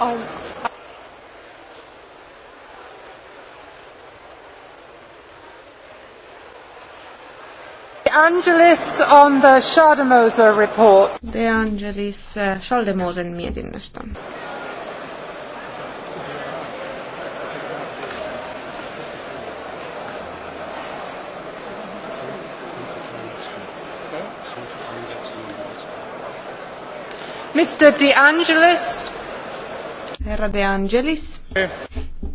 I'm, Angelis on the Schademoser report. Eh, De Angelis Schaldemosen mietinnöstä. Mr. De Angelis. Herra De Angelis.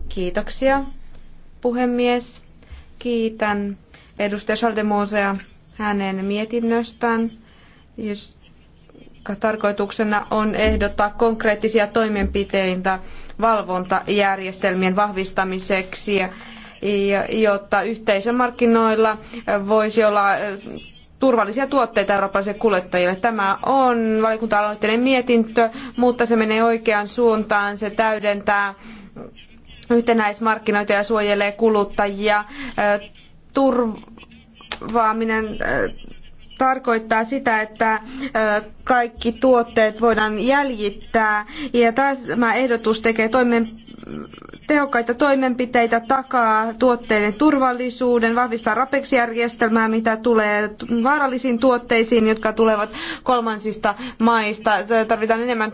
Kiitoksia, puhemies. Kiitän edustaja Schaldemosea hänen mietinnöstään, Jos tarkoituksena on ehdottaa konkreettisia toimenpiteitä valvontajärjestelmien vahvistamiseksi, jotta yhteisömarkkinoilla voisi olla turvallisia tuotteita eurooppalaisille kuljettajille. Tämä on valiokunta-aloitteinen mietintö, mutta se menee oikeaan suuntaan. Se täydentää yhtenäismarkkinoita ja suojelee kuluttajia. Turvaaminen tarkoittaa sitä, että kaikki tuotteet voidaan jäljittää ja tämä ehdotus tekee toimen tehokkaita toimenpiteitä takaa tuotteiden turvallisuuden, vahvistaa RAPEX-järjestelmää, mitä tulee vaarallisiin tuotteisiin, jotka tulevat kolmansista maista. Tarvitaan enemmän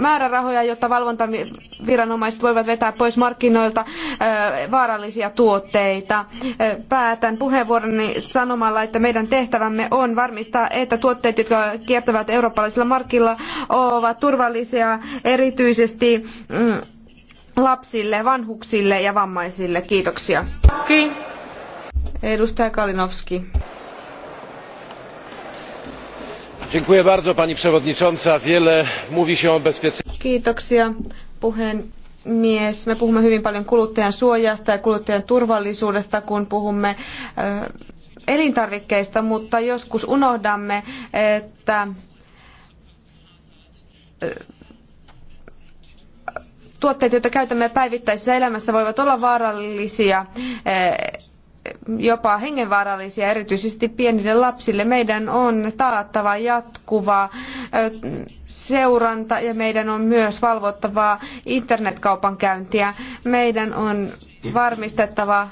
määrärahoja, jotta valvontaviranomaiset voivat vetää pois markkinoilta äh, vaarallisia tuotteita. Äh, päätän puheenvuoroni sanomalla, että meidän tehtävämme on varmistaa, että tuotteet, jotka kiertävät eurooppalaisilla markkilla, ovat turvallisia erityisesti mm, lapsille, vanhuksille ja vammaisille. Kiitoksia. Ski. Edustaja Kalinowski. Dziękuję bardzo pani przewodnicząca. Wiele mówi się o bezpieczeństwie. Kiitoksia puhemies. Me puhumme hyvin paljon kuluttajan suojasta ja kuluttajan turvallisuudesta, kun puhumme eh, elintarvikkeista, mutta joskus unohdamme, että eh, tuotteet, joita käytämme päivittäisessä elämässä, voivat olla vaarallisia eh, jopa hengenvaarallisia, erityisesti pienille lapsille. Meidän on taattava jatkuva eh, seuranta ja meidän on myös valvottavaa käyntiä. Meidän on varmistettava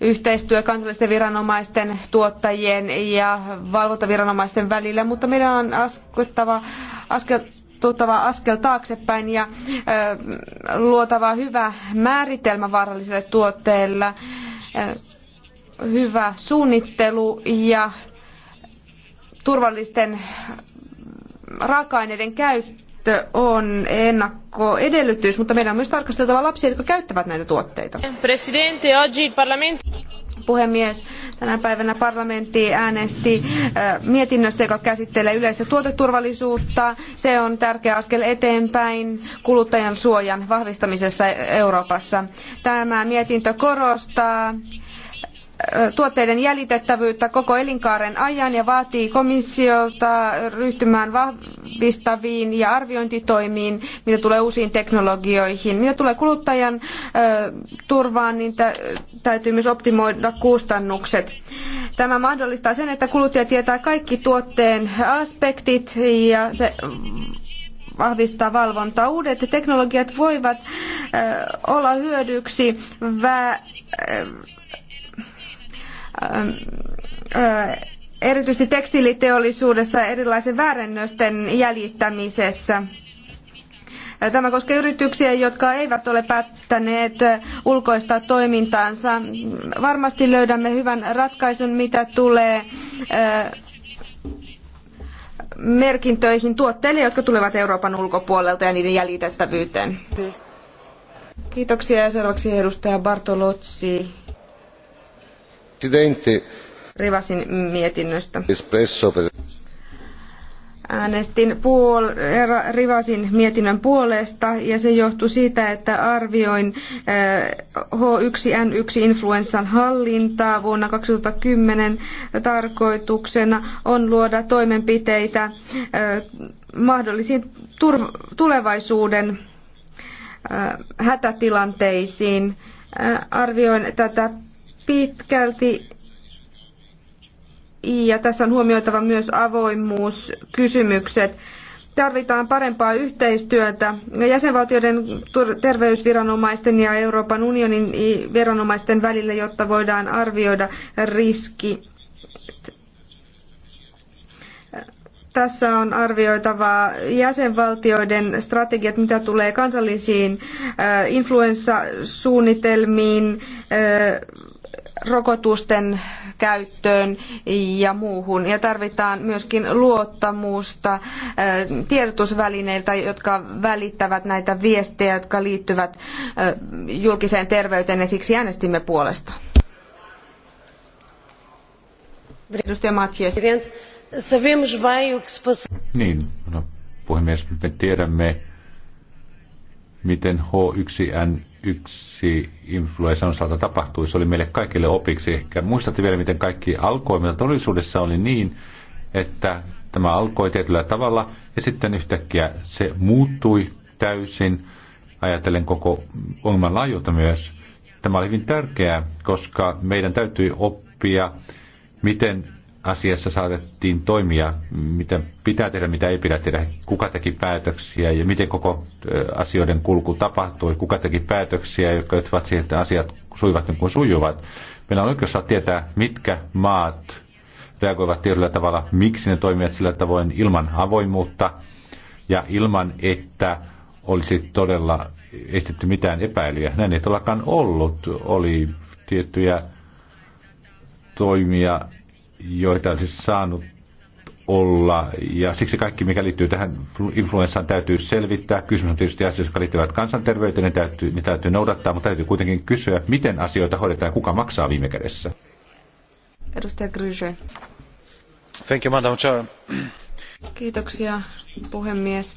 yhteistyö kansallisten viranomaisten, tuottajien ja valvontaviranomaisten välillä, mutta meidän on askettava, askel, tuttava askel taaksepäin ja luotava hyvä määritelmä vaaralliselle tuotteelle, hyvä suunnittelu ja turvallisten raaka-aineiden käyttö on ennakkoedellytys, mutta meidän on myös tarkasteltava lapsia, jotka käyttävät näitä tuotteita. Presidente, oggi il parlamento puhemies. Tänä päivänä parlamentti äänesti mietinnöstä, joka käsittelee yleistä tuoteturvallisuutta. Se on tärkeä askel eteenpäin kuluttajan suojan vahvistamisessa Euroopassa. Tämä mietintö korostaa tuotteiden jäljitettävyyttä koko elinkaaren ajan ja vaatii komissiolta ryhtymään vahvistaviin ja arviointitoimiin, mitä tulee uusiin teknologioihin. Mitä tulee kuluttajan turvaan, niin täytyy myös optimoida kustannukset. Tämä mahdollistaa sen, että kuluttaja tietää kaikki tuotteen aspektit ja se vahvistaa valvontaa. Uudet teknologiat voivat olla hyödyksi vä- Ähm, äh, erityisesti tekstiiliteollisuudessa erilaisten väärennösten jäljittämisessä. Äh, tämä koskee yrityksiä, jotka eivät ole päättäneet äh, ulkoistaa toimintaansa. Varmasti löydämme hyvän ratkaisun, mitä tulee merkintöihin tuotteille, jotka tulevat Euroopan ulkopuolelta ja niiden jäljitettävyyteen. Kiitoksia ja seuraavaksi edustaja Bartolozzi Presidente. Rivasin mietinnöstä. Espresso per... Äänestin puol- Rivasin mietinnön puolesta ja se johtui siitä, että arvioin H1N1-influenssan eh, hallintaa vuonna 2010 tarkoituksena on luoda toimenpiteitä eh, mahdollisiin tulevaisuuden eh, hätätilanteisiin. Arvioin tätä pitkälti. Ja tässä on huomioitava myös avoimuuskysymykset. Tarvitaan parempaa yhteistyötä jäsenvaltioiden terveysviranomaisten ja Euroopan unionin viranomaisten välillä, jotta voidaan arvioida riski tässä on arvioitava jäsenvaltioiden strategiat, mitä tulee kansallisiin influenssasuunnitelmiin, rokotusten käyttöön ja muuhun. Ja tarvitaan myöskin luottamusta äh, tiedotusvälineiltä, jotka välittävät näitä viestejä, jotka liittyvät äh, julkiseen terveyteen ja siksi äänestimme puolesta. Edustaja Matjes. Niin, no, puhemies, me tiedämme, miten H1N yksi influenssan osalta tapahtui. Se oli meille kaikille opiksi. Ehkä muistatte vielä, miten kaikki alkoi, mutta todellisuudessa oli niin, että tämä alkoi tietyllä tavalla ja sitten yhtäkkiä se muuttui täysin, ajatellen koko ongelman laajuutta myös. Tämä oli hyvin tärkeää, koska meidän täytyy oppia, miten asiassa saatettiin toimia, mitä pitää tehdä, mitä ei pidä tehdä, kuka teki päätöksiä ja miten koko asioiden kulku tapahtui, kuka teki päätöksiä, jotka johtivat siihen, että asiat suivat niin kuin sujuvat. Meillä on oikeus saa tietää, mitkä maat reagoivat tietyllä tavalla, miksi ne toimivat sillä tavoin ilman avoimuutta ja ilman, että olisi todella estetty mitään epäilyjä. Näin ei todellakaan ollut. Oli tiettyjä toimia, joita olisi saanut olla. Ja siksi kaikki, mikä liittyy tähän influenssaan, täytyy selvittää. Kysymys on tietysti asioista, jotka liittyvät kansanterveyteen, ne täytyy, ne täytyy noudattaa, mutta täytyy kuitenkin kysyä, miten asioita hoidetaan ja kuka maksaa viime kädessä. Edustaja Gryge. Thank you, Madam Chair. Kiitoksia, puhemies.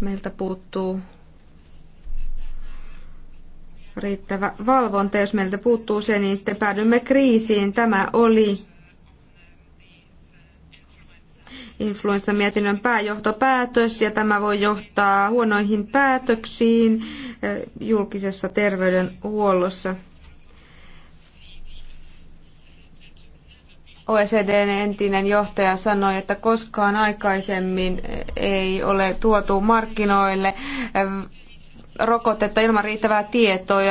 Meiltä puuttuu riittävä valvonta. Jos meiltä puuttuu se, niin sitten päädymme kriisiin. Tämä oli influenssamietinnön pääjohtopäätös ja tämä voi johtaa huonoihin päätöksiin eh, julkisessa terveydenhuollossa. OECDn entinen johtaja sanoi, että koskaan aikaisemmin ei ole tuotu markkinoille eh, rokotetta ilman riittävää tietoa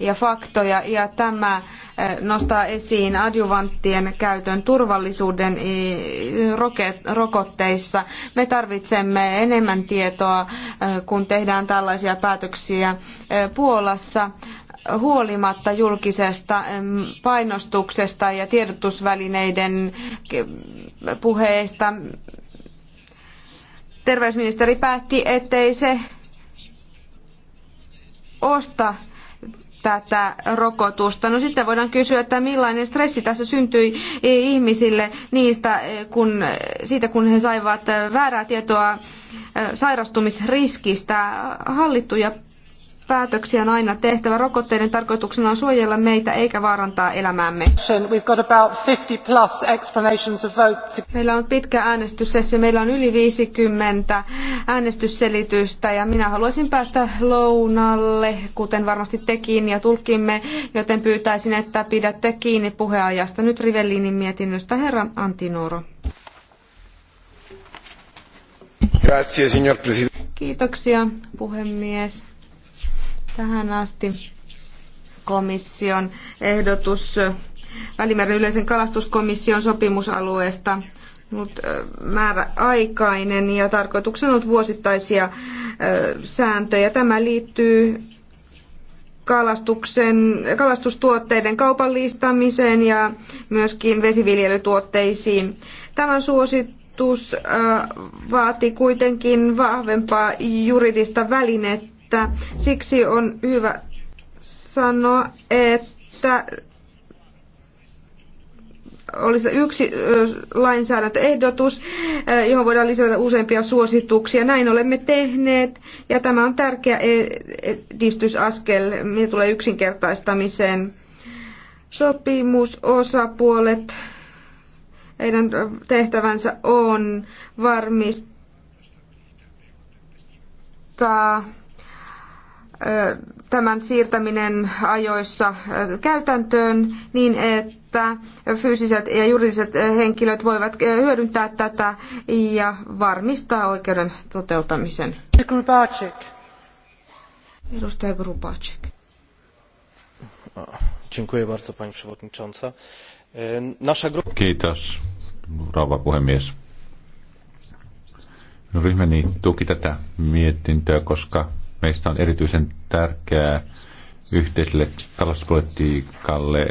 ja faktoja, ja tämä eh, nostaa esiin adjuvanttien käytön turvallisuuden eh, rokotteissa. Me tarvitsemme enemmän tietoa, eh, kun tehdään tällaisia päätöksiä Puolassa huolimatta julkisesta painostuksesta ja tiedotusvälineiden puheista terveysministeri päätti, ettei se osta tätä rokotusta. No sitten voidaan kysyä, että millainen stressi tässä syntyi ihmisille niistä, kun, siitä kun he saivat väärää tietoa eh, sairastumisriskistä. Hallittuja Päätöksiä on aina tehtävä. Rokotteiden tarkoituksena on suojella meitä eikä vaarantaa elämäämme. Meillä on pitkä äänestyssessio. Meillä on yli 50 äänestysselitystä ja minä haluaisin päästä lounalle, kuten varmasti tekin ja tulkimme, joten pyytäisin, että pidätte kiinni puheajasta. Nyt Rivellinin mietinnöstä herra Antinoro. Kiitoksia puhemies. Tähän asti komission ehdotus Välimeren yleisen kalastuskomission sopimusalueesta ollut määräaikainen ja tarkoituksena on ollut vuosittaisia sääntöjä. Tämä liittyy kalastuksen, kalastustuotteiden kaupallistamiseen ja myöskin vesiviljelytuotteisiin. Tämä suositus vaati kuitenkin vahvempaa juridista välinettä että siksi on hyvä sanoa, että olisi yksi lainsäädäntöehdotus, johon voidaan lisätä useampia suosituksia. Näin olemme tehneet ja tämä on tärkeä e-, edistysaskel, mitä tulee yksinkertaistamiseen. Sopimusosapuolet, heidän tehtävänsä on varmistaa tämän siirtäminen ajoissa käytäntöön niin, että fyysiset ja juridiset henkilöt voivat hyödyntää tätä ja varmistaa oikeuden toteutamisen. Grubacek. Edustaja Grubacek. pani przewodnicząca. E, nasza grupa... Kiitos, rouva puhemies. Ryhmäni tuki tätä mietintöä, koska Meistä on erityisen tärkeää yhteiselle talouspolitiikalle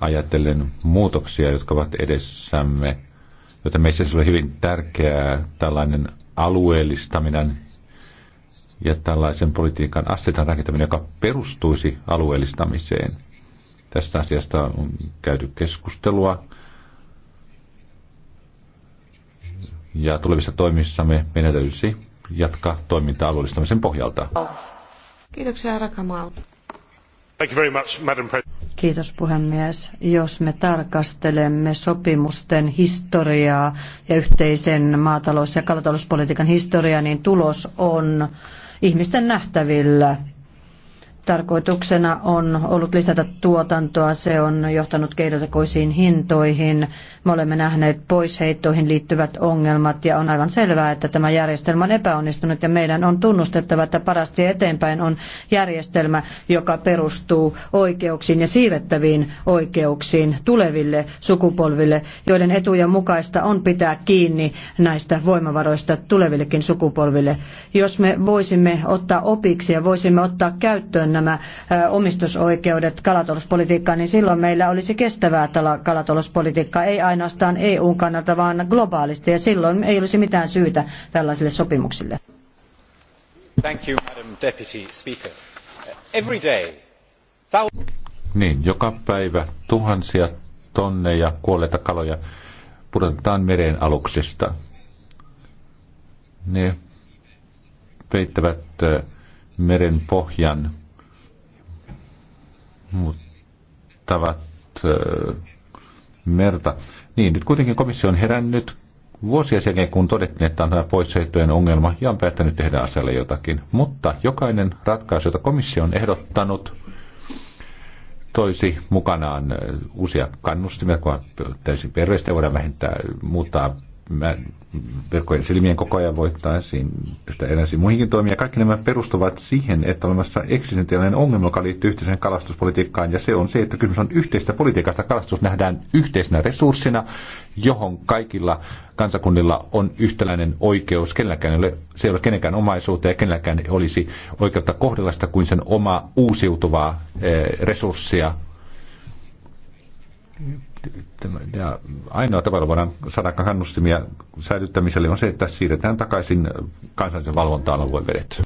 ajatellen muutoksia, jotka ovat edessämme, joten meissä se hyvin tärkeää tällainen alueellistaminen ja tällaisen politiikan asetan rakentaminen, joka perustuisi alueellistamiseen. Tästä asiasta on käyty keskustelua. Ja tulevissa toimissamme meidän jatkaa toimintaa alueellistamisen pohjalta. Kiitoksia, herra Kamal. Kiitos puhemies. Jos me tarkastelemme sopimusten historiaa ja yhteisen maatalous- ja kalatalouspolitiikan historiaa, niin tulos on ihmisten nähtävillä Tarkoituksena on ollut lisätä tuotantoa, se on johtanut keinotekoisiin hintoihin. Me olemme nähneet poisheittoihin liittyvät ongelmat ja on aivan selvää, että tämä järjestelmä on epäonnistunut ja meidän on tunnustettava, että parasti eteenpäin on järjestelmä, joka perustuu oikeuksiin ja siivettäviin oikeuksiin tuleville sukupolville, joiden etujen mukaista on pitää kiinni näistä voimavaroista tulevillekin sukupolville. Jos me voisimme ottaa opiksi ja voisimme ottaa käyttöön nämä omistusoikeudet kalatalouspolitiikkaan, niin silloin meillä olisi kestävää kalatalouspolitiikkaa, ei ainoastaan EUn kannalta, vaan globaalisti, ja silloin ei olisi mitään syytä tällaisille sopimuksille. Thank you, Madam Deputy Speaker. Every day, niin, joka päivä tuhansia tonneja kuolleita kaloja pudotetaan mereen aluksista. Ne peittävät meren pohjan muuttavat merta. Niin, nyt kuitenkin komissio on herännyt vuosia sen jälkeen, kun todettiin, että on tämä poissaittojen ongelma ja on päättänyt tehdä asialle jotakin. Mutta jokainen ratkaisu, jota komissio on ehdottanut, toisi mukanaan uusia kannustimia, kun täysin perveistä voidaan vähentää, muuttaa mä, pelkojen silmien koko ajan voittaisiin, pystytään eräisiin muihinkin toimia. Kaikki nämä perustuvat siihen, että on olemassa eksistentiaalinen ongelma, joka liittyy yhteiseen kalastuspolitiikkaan, ja se on se, että kysymys on yhteistä politiikasta. Kalastus nähdään yhteisenä resurssina, johon kaikilla kansakunnilla on yhtäläinen oikeus. Kenelläkään ei ole, se ei ole kenenkään omaisuutta ja kenelläkään ei olisi oikeutta kohdella sitä kuin sen omaa uusiutuvaa eh, resurssia ja ainoa tavalla voidaan saada kannustimia säilyttämiselle on se, että siirretään takaisin kansallisen valvontaan alueen vedet.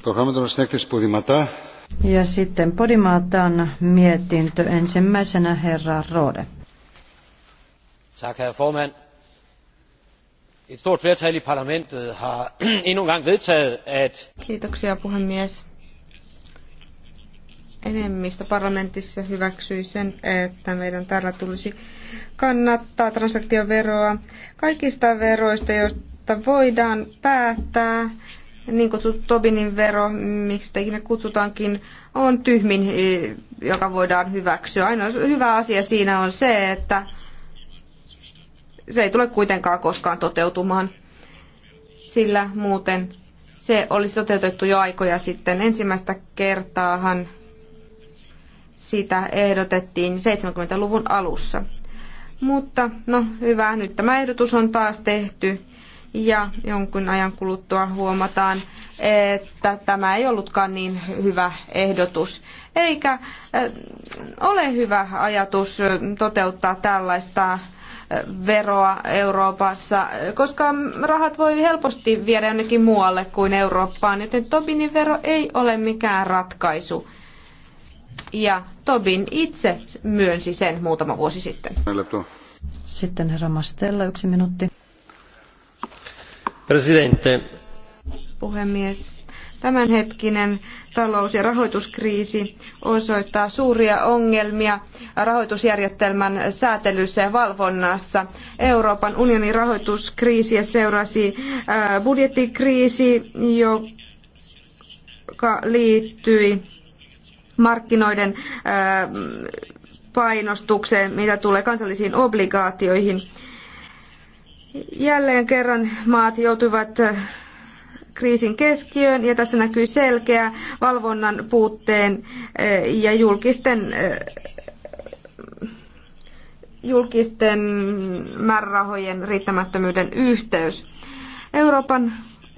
Ja sitten Podimaataan mietintö ensimmäisenä herra Rode. Tak, herr formand. Et stort flertal i parlamentet har endnu en gang vedtaget, at... Kiitoksia, puhemies enemmistö parlamentissa hyväksyi sen, että meidän täällä tulisi kannattaa transaktioveroa kaikista veroista, joista voidaan päättää. Niin kutsuttu Tobinin vero, miksi sitä ikinä kutsutaankin, on tyhmin, e, joka voidaan hyväksyä. Ainoa hyvä asia siinä on se, että se ei tule kuitenkaan koskaan toteutumaan, sillä muuten se olisi toteutettu jo aikoja sitten. Ensimmäistä kertaahan sitä ehdotettiin 70-luvun alussa. Mutta no hyvä, nyt tämä ehdotus on taas tehty ja jonkun ajan kuluttua huomataan, että tämä ei ollutkaan niin hyvä ehdotus. Eikä eh, ole hyvä ajatus eh, toteuttaa tällaista eh, veroa Euroopassa, koska rahat voi helposti viedä jonnekin muualle kuin Eurooppaan, joten Tobinin vero ei ole mikään ratkaisu ja Tobin itse myönsi sen muutama vuosi sitten. Sitten herra Mastella, yksi minuutti. Presidente. Puhemies. Tämänhetkinen talous- ja rahoituskriisi osoittaa suuria ongelmia rahoitusjärjestelmän säätelyssä ja valvonnassa. Euroopan unionin rahoituskriisi seurasi budjettikriisi, joka liittyi markkinoiden painostukseen, mitä tulee kansallisiin obligaatioihin. Jälleen kerran maat joutuivat kriisin keskiöön ja tässä näkyy selkeä valvonnan puutteen ja julkisten, julkisten määrärahojen riittämättömyyden yhteys. Euroopan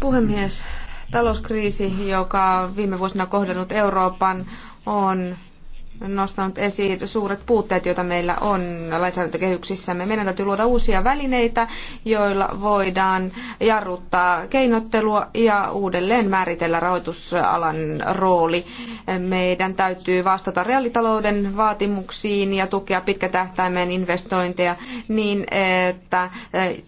Puhemies, talouskriisi, joka on viime vuosina kohdannut Euroopan, on nostanut esiin suuret puutteet, joita meillä on lainsäädäntökehyksissämme. Meidän täytyy luoda uusia välineitä, joilla voidaan jarruttaa keinottelua ja uudelleen määritellä rahoitusalan rooli. Meidän täytyy vastata reaalitalouden vaatimuksiin ja tukea pitkätähtäimen investointeja niin, että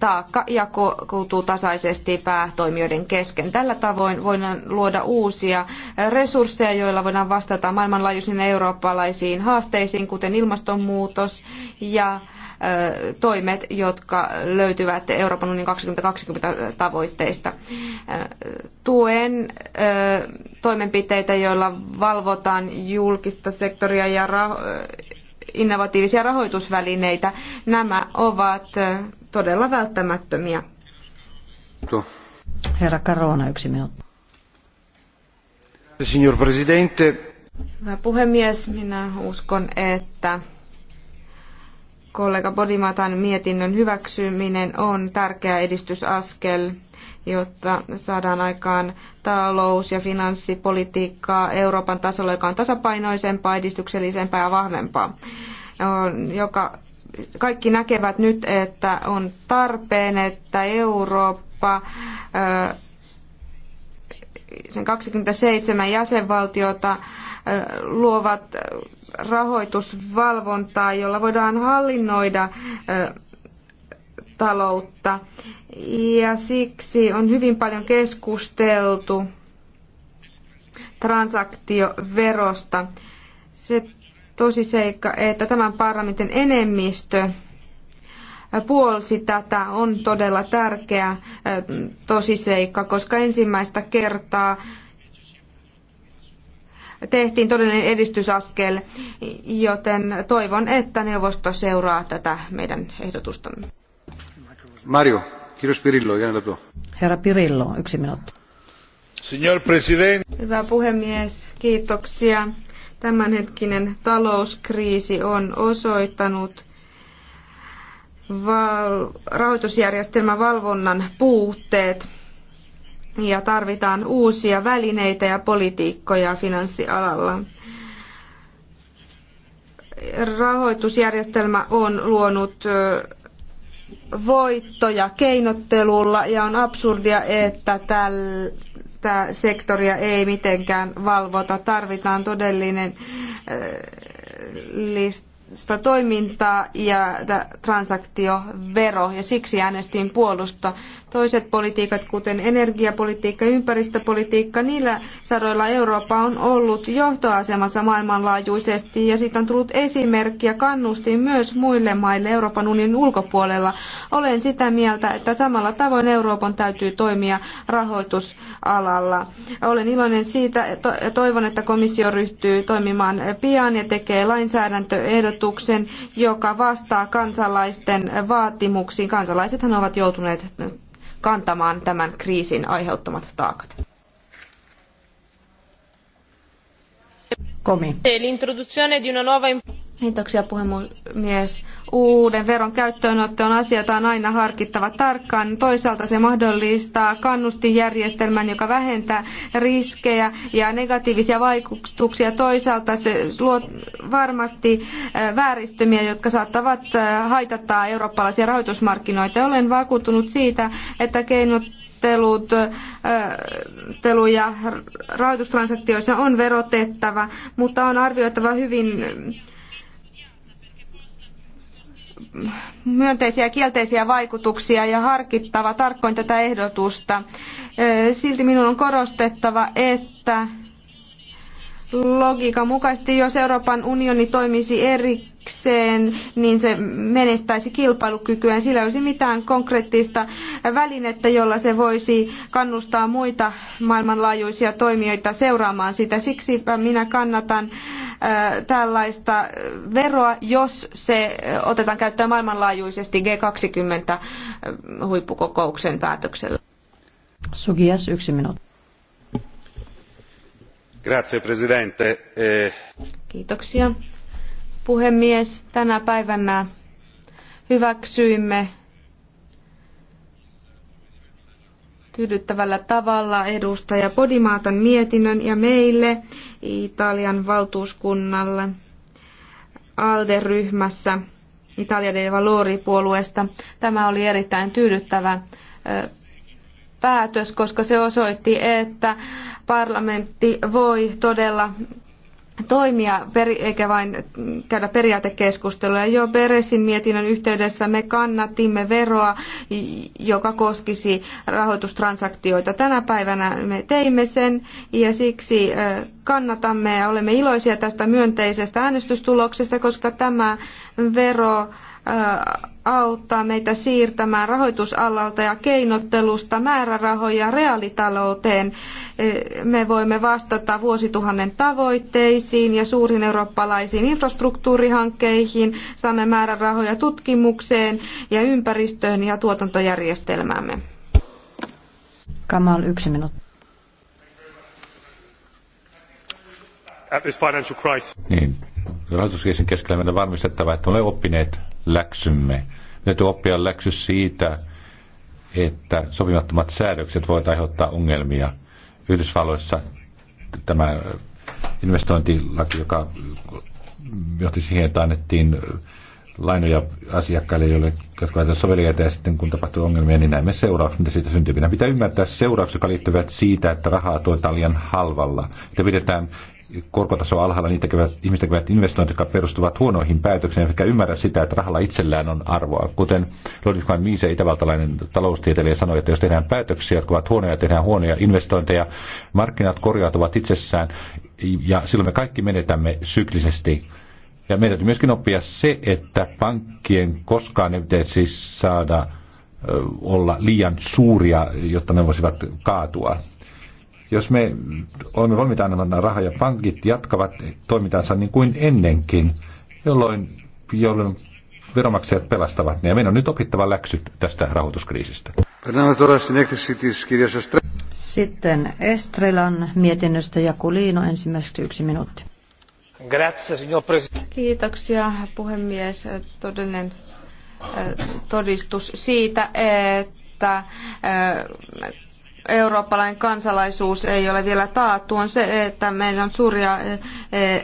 taakka jakoutuu tasaisesti päätoimijoiden kesken. Tällä tavoin voidaan luoda uusia resursseja, joilla voidaan vastata maailmanlaajuisiin eurooppalaisiin erilaisiin haasteisiin, kuten ilmastonmuutos ja toimet, jotka löytyvät Euroopan unionin 2020 tavoitteista. Tuen toimenpiteitä, joilla valvotaan julkista sektoria ja innovatiivisia rahoitusvälineitä. Nämä ovat todella välttämättömiä. Herra Karona, yksi minuutti. Signor Presidente, Hyvä puhemies, minä uskon, että kollega Bodimatan mietinnön hyväksyminen on tärkeä edistysaskel, jotta saadaan aikaan talous- ja finanssipolitiikkaa Euroopan tasolla, joka on tasapainoisempaa, edistyksellisempää ja vahvempaa. Joka, kaikki näkevät nyt, että on tarpeen, että Eurooppa sen 27 jäsenvaltiota luovat rahoitusvalvontaa, jolla voidaan hallinnoida taloutta. Ja siksi on hyvin paljon keskusteltu transaktioverosta. Se tosiseikka, että tämän parlamentin enemmistö puolsi tätä on todella tärkeä tosiseikka, koska ensimmäistä kertaa tehtiin todellinen edistysaskel, joten toivon, että neuvosto seuraa tätä meidän ehdotustamme. Mario, kiitos Pirillo, jäänellä Herra Pirillo, yksi minuutti. Signor President. Hyvä puhemies, kiitoksia. Tämänhetkinen talouskriisi on osoittanut val- rahoitusjärjestelmän valvonnan puutteet ja tarvitaan uusia välineitä ja politiikkoja finanssialalla. Rahoitusjärjestelmä on luonut voittoja keinottelulla ja on absurdia, että tätä sektoria ei mitenkään valvota. Tarvitaan todellinen lista toimintaa ja transaktiovero ja siksi äänestin puolusta Toiset politiikat, kuten energiapolitiikka ja ympäristöpolitiikka, niillä saroilla Eurooppa on ollut johtoasemassa maailmanlaajuisesti ja siitä on tullut esimerkki ja kannustin myös muille maille Euroopan unionin ulkopuolella. Olen sitä mieltä, että samalla tavoin Euroopan täytyy toimia rahoitusalalla. Olen iloinen siitä ja toivon, että komissio ryhtyy toimimaan pian ja tekee lainsäädäntöehdotuksen, joka vastaa kansalaisten vaatimuksiin. Kansalaisethan ovat joutuneet kantamaan tämän kriisin aiheuttamat taakat. Kiitoksia puhemies. Uuden veron käyttöönotto on asia, jota on aina harkittava tarkkaan. Toisaalta se mahdollistaa kannustinjärjestelmän, joka vähentää riskejä ja negatiivisia vaikutuksia. Toisaalta se luo varmasti vääristymiä, jotka saattavat haitata eurooppalaisia rahoitusmarkkinoita. Olen vakuuttunut siitä, että keinot verottelu ja rahoitustransaktioissa on verotettava, mutta on arvioitava hyvin myönteisiä ja kielteisiä vaikutuksia ja harkittava tarkoin tätä ehdotusta. Silti minun on korostettava, että logiikan mukaisesti, jos Euroopan unioni toimisi erikseen, niin se menettäisi kilpailukykyään. Sillä ei olisi mitään konkreettista välinettä, jolla se voisi kannustaa muita maailmanlaajuisia toimijoita seuraamaan sitä. Siksi minä kannatan tällaista veroa, jos se otetaan käyttöön maailmanlaajuisesti G20 huippukokouksen päätöksellä. Sugias, yksi minuutti. Grazie, presidente. E- Kiitoksia. Puhemies, tänä päivänä hyväksyimme tyydyttävällä tavalla edustaja Podimaatan mietinnön ja meille Italian valtuuskunnalle ALDE-ryhmässä Italia dei Valori-puolueesta. Tämä oli erittäin tyydyttävä päätös, koska se osoitti, että parlamentti voi todella toimia, eikä vain käydä periaatekeskusteluja. Jo Peresin mietinnön yhteydessä me kannatimme veroa, joka koskisi rahoitustransaktioita. Tänä päivänä me teimme sen ja siksi kannatamme ja olemme iloisia tästä myönteisestä äänestystuloksesta, koska tämä vero auttaa meitä siirtämään rahoitusalalta ja keinottelusta määrärahoja reaalitalouteen. E, me voimme vastata vuosituhannen tavoitteisiin ja suurin eurooppalaisiin infrastruktuurihankkeisiin. Saamme määrärahoja tutkimukseen ja ympäristöön ja tuotantojärjestelmäämme. Kamal, yksi minuutti. At this financial crisis. Niin, rahoituskriisin keskellä meidän on varmistettava, että olemme oppineet läksymme. Täytyy oppia läksy siitä, että sopimattomat säädökset voivat aiheuttaa ongelmia. Yhdysvalloissa tämä investointilaki, joka johti siihen, että annettiin lainoja asiakkaille, joille, jotka ovat soveliaita ja sitten kun tapahtuu ongelmia, niin näemme seuraukset, mitä siitä syntyy. pitää ymmärtää seuraukset, jotka liittyvät siitä, että rahaa tuotetaan liian halvalla, että pidetään korkotaso alhaalla, niitä tekevät, ihmiset tekevät investointeja, jotka perustuvat huonoihin päätöksiin, eivätkä ymmärrä sitä, että rahalla itsellään on arvoa. Kuten Ludwig van Miese, itävaltalainen taloustieteilijä, sanoi, että jos tehdään päätöksiä, jotka ovat huonoja, tehdään huonoja investointeja, markkinat korjautuvat itsessään, ja silloin me kaikki menetämme syklisesti. Ja meidän täytyy myöskin oppia se, että pankkien koskaan ei pitäisi siis saada olla liian suuria, jotta ne voisivat kaatua. Jos me olemme valmiita antamaan ja pankit jatkavat toimintansa niin kuin ennenkin, jolloin, jolloin veromaksajat pelastavat ne. Ja meidän on nyt opittava läksyt tästä rahoituskriisistä. Sitten Estrelan mietinnöstä ja Kuliino ensimmäiseksi yksi minuutti. Kiitoksia puhemies. Todellinen eh, todistus siitä, että eh, eurooppalainen kansalaisuus ei ole vielä taattu, on se, että meillä on suuria e, e,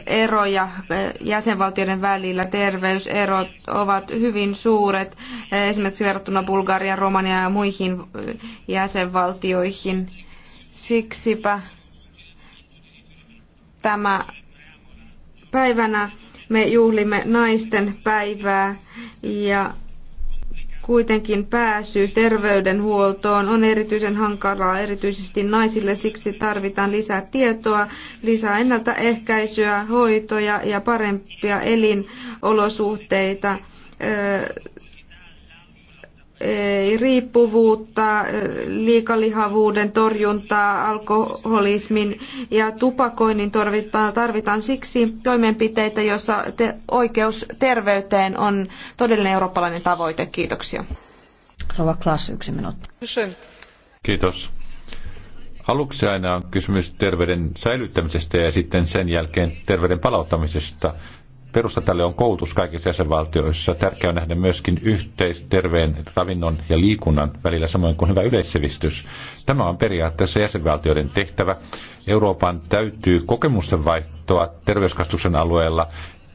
eroja e, jäsenvaltioiden välillä. Terveyserot ovat hyvin suuret, esimerkiksi verrattuna Bulgariaan, Romaniaan ja muihin jäsenvaltioihin. Siksipä tämä päivänä me juhlimme naisten päivää ja Kuitenkin pääsy terveydenhuoltoon on erityisen hankalaa erityisesti naisille, siksi tarvitaan lisää tietoa, lisää ennaltaehkäisyä, hoitoja ja parempia elinolosuhteita riippuvuutta, liikalihavuuden torjuntaa, alkoholismin ja tupakoinnin tarvitaan, tarvitaan siksi toimenpiteitä, joissa te, oikeus terveyteen on todellinen eurooppalainen tavoite. Kiitoksia. Rova Klaas, yksi minuutti. Kiitos. Aluksi aina on kysymys terveyden säilyttämisestä ja sitten sen jälkeen terveyden palauttamisesta. Perusta tälle on koulutus kaikissa jäsenvaltioissa. Tärkeää on nähdä myöskin yhteis terveen ravinnon ja liikunnan välillä, samoin kuin hyvä yleissivistys. Tämä on periaatteessa jäsenvaltioiden tehtävä. Euroopan täytyy kokemusten vaihtoa terveyskastuksen alueella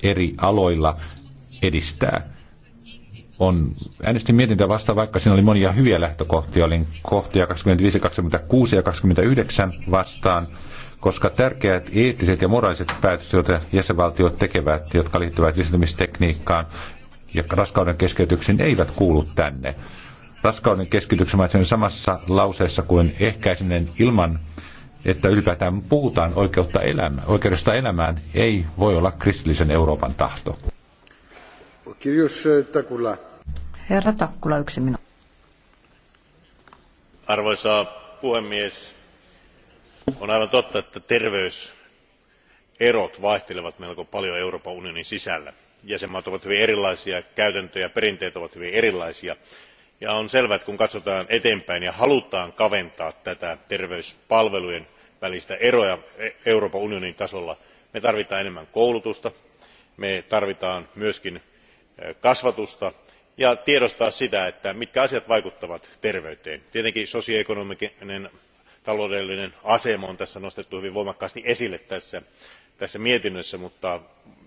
eri aloilla edistää. On, äänestin mietintä vastaan, vaikka siinä oli monia hyviä lähtökohtia. Olin kohtia 25, 26 ja 29 vastaan koska tärkeät eettiset ja moraaliset päätökset, joita jäsenvaltiot tekevät, jotka liittyvät lisätymistekniikkaan ja raskauden keskeytyksiin, eivät kuulu tänne. Raskauden keskeytyksen mainitsen samassa lauseessa kuin ehkäisinen ilman, että ylipäätään puhutaan oikeutta elämä, oikeudesta elämään, ei voi olla kristillisen Euroopan tahto. Eh, Herra Takkula, yksi minuutti. Arvoisa puhemies, on aivan totta että terveyserot vaihtelevat melko paljon euroopan unionin sisällä. jäsenvaltiot ovat hyvin erilaisia käytäntöjä ja perinteet ovat hyvin erilaisia ja on selvää että kun katsotaan eteenpäin ja halutaan kaventaa tätä terveyspalvelujen välistä eroa e- euroopan unionin tasolla me tarvitsemme enemmän koulutusta me tarvitsemme myös kasvatusta ja tiedostamista siitä mitkä asiat vaikuttavat terveyteen. tietenkin sosioekonominen taloudellinen asema on nostettu hyvin voimakkaasti esille tässä mietinnössä mutta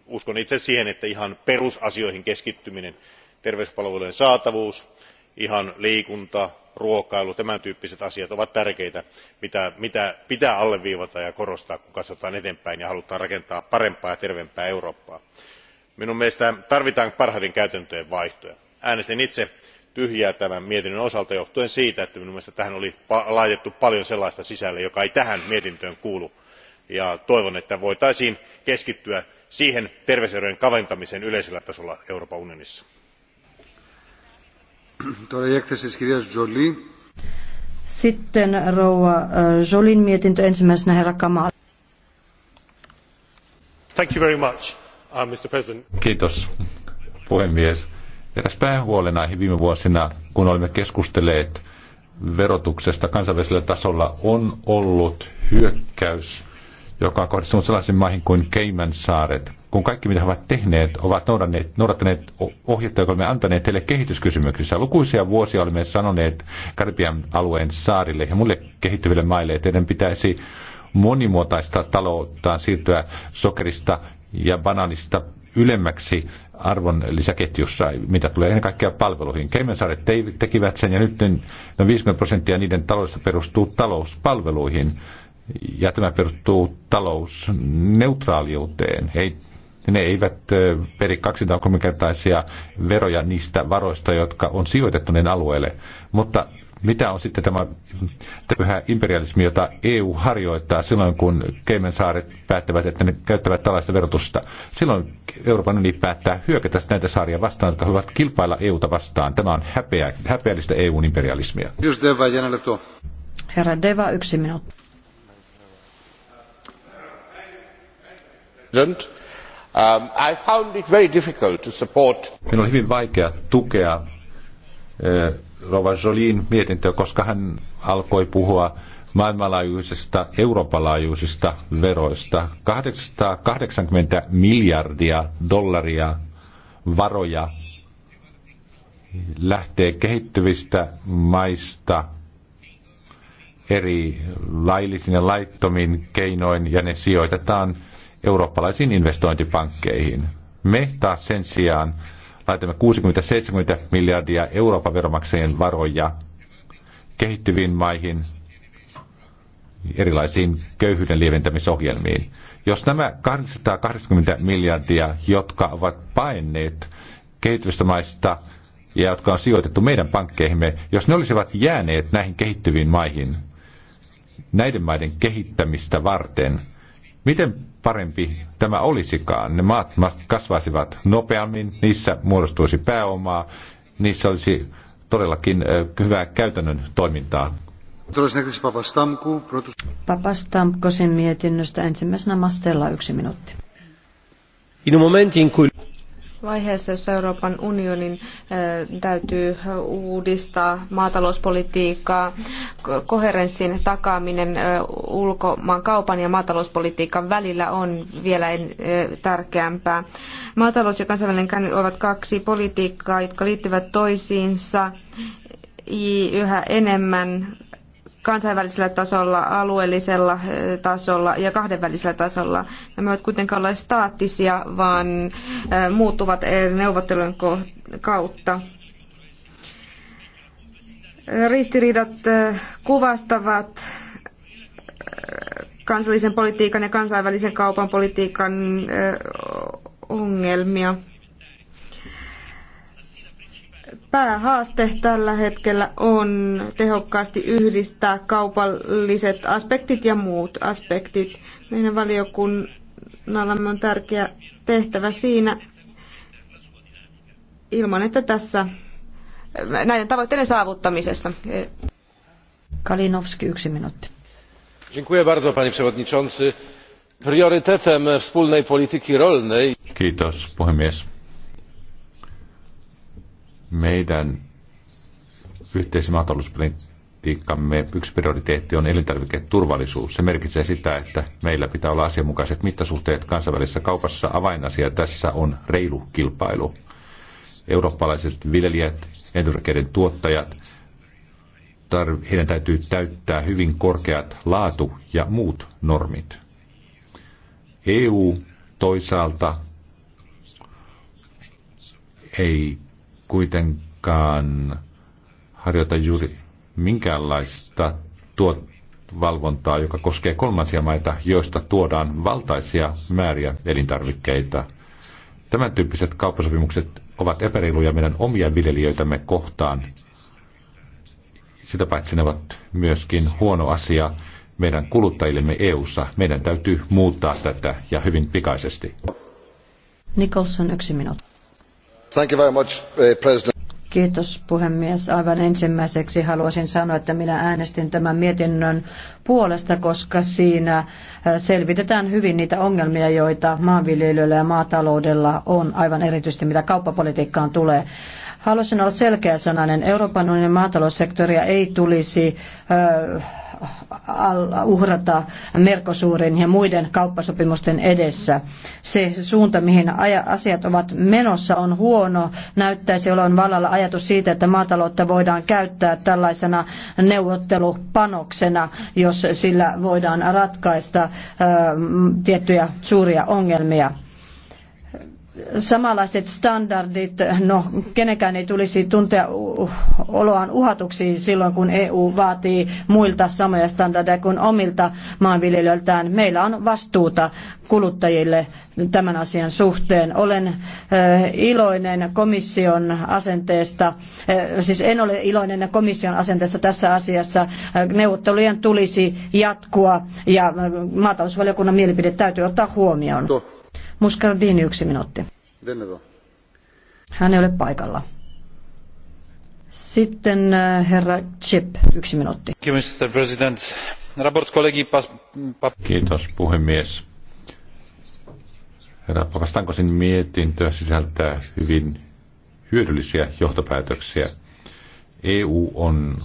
uskon itse siihen että ihan perusasioihin keskittyminen terveyspalvelujen saatavuus liikunta ruokailu tämän tyyppiset asiat ovat tärkeitä mitä pitää alleviivata ja korostaa kun katsotaan eteenpäin ja halutaan rakentaa parempaa ja terveempää eurooppaa. minun mielestäni tarvitaan parhaiden käytäntöjen vaihtoa. äänestin itse tyhjää tämän mietinnön osalta johtuen siitä että minun mielestäni tähän oli laitettu paljon sellaista sisälle joka ei tähän mietintöön kuulu ja toivon että voitaisiin keskittyä siihen terveyserojen kaventamiseen yleisellä tasolla euroopan unionissa. Sitten rouva Jolin mietintö ensimmäisenä herra Kamal. Thank you very much, uh, Mr. President. Kiitos puhemies Eräs päähuolenaihe viime vuosina, kun olemme keskustelleet verotuksesta kansainvälisellä tasolla, on ollut hyökkäys, joka on kohdistunut sellaisiin maihin kuin Cayman-saaret. Kun kaikki, mitä he ovat tehneet, ovat noudattaneet, ohjetta, joka olemme antaneet heille kehityskysymyksissä. Lukuisia vuosia olemme sanoneet Karibian alueen saarille ja muille kehittyville maille, että heidän pitäisi monimuotoista talouttaan siirtyä sokerista ja bananista ylemmäksi arvon lisäketjussa, mitä tulee ennen kaikkea palveluihin. Keimensaaret te- tekivät sen ja nyt noin 50 no prosenttia niiden taloudesta perustuu talouspalveluihin ja tämä perustuu talousneutraaliuteen. Ei, ne eivät peri 2-3 kertaisia veroja niistä varoista, jotka on sijoitettu ne alueelle, mutta mitä on sitten tämä pyhä imperialismi, jota EU harjoittaa silloin, kun Keimensaaret päättävät, että ne käyttävät tällaista verotusta. Silloin Euroopan unioni päättää hyökätä näitä saaria vastaan, jotka haluavat kilpailla EUta vastaan. Tämä on häpeä, häpeällistä EUn imperialismia. Herra Deva, yksi minuutti. Um, Minulla oli hyvin vaikea tukea eh, Rova Jolin mietintö, koska hän alkoi puhua maailmanlaajuisista, Euroopan laajuisista veroista. 880 miljardia dollaria varoja lähtee kehittyvistä maista eri laillisin ja laittomin keinoin, ja ne sijoitetaan eurooppalaisiin investointipankkeihin. Me taas sen sijaan laitamme 60-70 miljardia Euroopan veromaksajien varoja kehittyviin maihin erilaisiin köyhyyden lieventämisohjelmiin. Jos nämä 280 miljardia, jotka ovat paineet kehittyvistä maista ja jotka on sijoitettu meidän pankkeihimme, jos ne olisivat jääneet näihin kehittyviin maihin näiden maiden kehittämistä varten – Miten parempi tämä olisikaan? Ne maat kasvaisivat nopeammin, niissä muodostuisi pääomaa, niissä olisi todellakin hyvää käytännön toimintaa. Papastamko sen mietinnöstä ensimmäisenä Mastella yksi minuutti. In un momento in cui vaiheessa, jossa Euroopan unionin eh, täytyy uudistaa maatalouspolitiikkaa, koherenssin takaaminen eh, ulkomaan kaupan ja maatalouspolitiikan välillä on vielä eh, tärkeämpää. Maatalous ja kansainvälinen ovat kaksi politiikkaa, jotka liittyvät toisiinsa yhä enemmän kansainvälisellä tasolla, alueellisella eh, tasolla ja kahdenvälisellä tasolla. Nämä eivät kuitenkaan ole staattisia, vaan eh, muuttuvat neuvottelujen kautta. Ristiriidat eh, kuvastavat kansallisen politiikan ja kansainvälisen kaupan politiikan ongelmia päähaaste tällä hetkellä on tehokkaasti yhdistää kaupalliset aspektit ja muut aspektit. Meidän valiokunnallamme on tärkeä tehtävä siinä, ilman että tässä näiden tavoitteiden saavuttamisessa. Kalinowski, yksi minuutti. Dziękuję bardzo, panie przewodniczący. Priorytetem wspólnej polityki rolnej... Kiitos, puhemies meidän yhteismaatalouspolitiikkamme yksi prioriteetti on elintarviketurvallisuus. Se merkitsee sitä, että meillä pitää olla asianmukaiset mittasuhteet kansainvälisessä kaupassa. Avainasia tässä on reilu kilpailu. Eurooppalaiset viljelijät, elintarvikkeiden tuottajat, tar- heidän täytyy täyttää hyvin korkeat laatu- ja muut normit. EU toisaalta ei kuitenkaan harjoita juuri minkäänlaista tuot valvontaa, joka koskee kolmansia maita, joista tuodaan valtaisia määriä elintarvikkeita. Tämän tyyppiset kauppasopimukset ovat epäreiluja meidän omia viljelijöitämme kohtaan. Sitä paitsi ne ovat myöskin huono asia meidän kuluttajillemme EU:ssa. Meidän täytyy muuttaa tätä ja hyvin pikaisesti. Nicholson, yksi minuutti. Uh, Kiitos puhemies. Aivan ensimmäiseksi haluaisin sanoa, että minä äänestin tämän mietinnön puolesta, koska siinä äh, selvitetään hyvin niitä ongelmia, joita maanviljelijöillä ja maataloudella on, aivan erityisesti mitä kauppapolitiikkaan tulee. Haluaisin olla selkeä sanainen: Euroopan unionin maataloussektoria ei tulisi äh, uhrata Merkosuurin ja muiden kauppasopimusten edessä. Se suunta, mihin asiat ovat menossa, on huono. Näyttäisi olevan vallalla ajatus siitä, että maataloutta voidaan käyttää tällaisena neuvottelupanoksena, jos sillä voidaan ratkaista tiettyjä suuria ongelmia samanlaiset standardit, no kenenkään ei tulisi tuntea oloaan uhatuksi silloin, kun EU vaatii muilta samoja standardeja kuin omilta maanviljelijöiltään. Meillä on vastuuta kuluttajille tämän asian suhteen. Olen eh, iloinen komission asenteesta, eh, siis en ole iloinen komission asenteesta tässä asiassa. Eh, neuvottelujen tulisi jatkua ja maatalousvaliokunnan mielipide täytyy ottaa huomioon. Muscardini yksi minuutti. Hän ei ole paikalla. Sitten äh, herra Chip, yksi minuutti. Kiitos puhemies. Herra Papastankosin mietintö sisältää hyvin hyödyllisiä johtopäätöksiä. EU on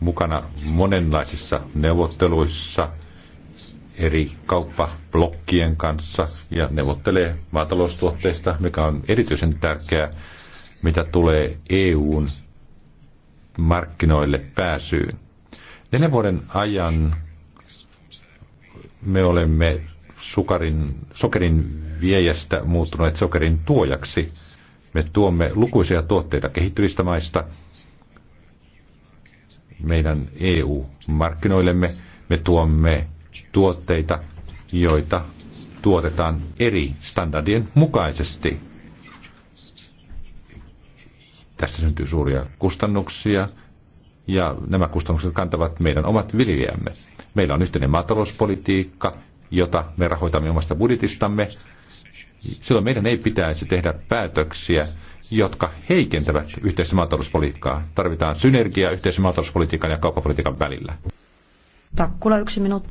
mukana monenlaisissa neuvotteluissa eri kauppablokkien kanssa ja neuvottelee maataloustuotteista, mikä on erityisen tärkeää, mitä tulee EUn markkinoille pääsyyn. Neljän vuoden ajan me olemme sukarin, sokerin viejästä muuttuneet sokerin tuojaksi. Me tuomme lukuisia tuotteita kehittyvistä maista meidän EU-markkinoillemme. Me tuomme tuotteita, joita tuotetaan eri standardien mukaisesti. Tästä syntyy suuria kustannuksia ja nämä kustannukset kantavat meidän omat viljelijämme. Meillä on yhteinen maatalouspolitiikka, jota me rahoitamme omasta budjetistamme. Silloin meidän ei pitäisi tehdä päätöksiä, jotka heikentävät yhteistä maatalouspolitiikkaa. Tarvitaan synergiaa yhteisen maatalouspolitiikan ja kauppapolitiikan välillä. Takkula, yksi minuutti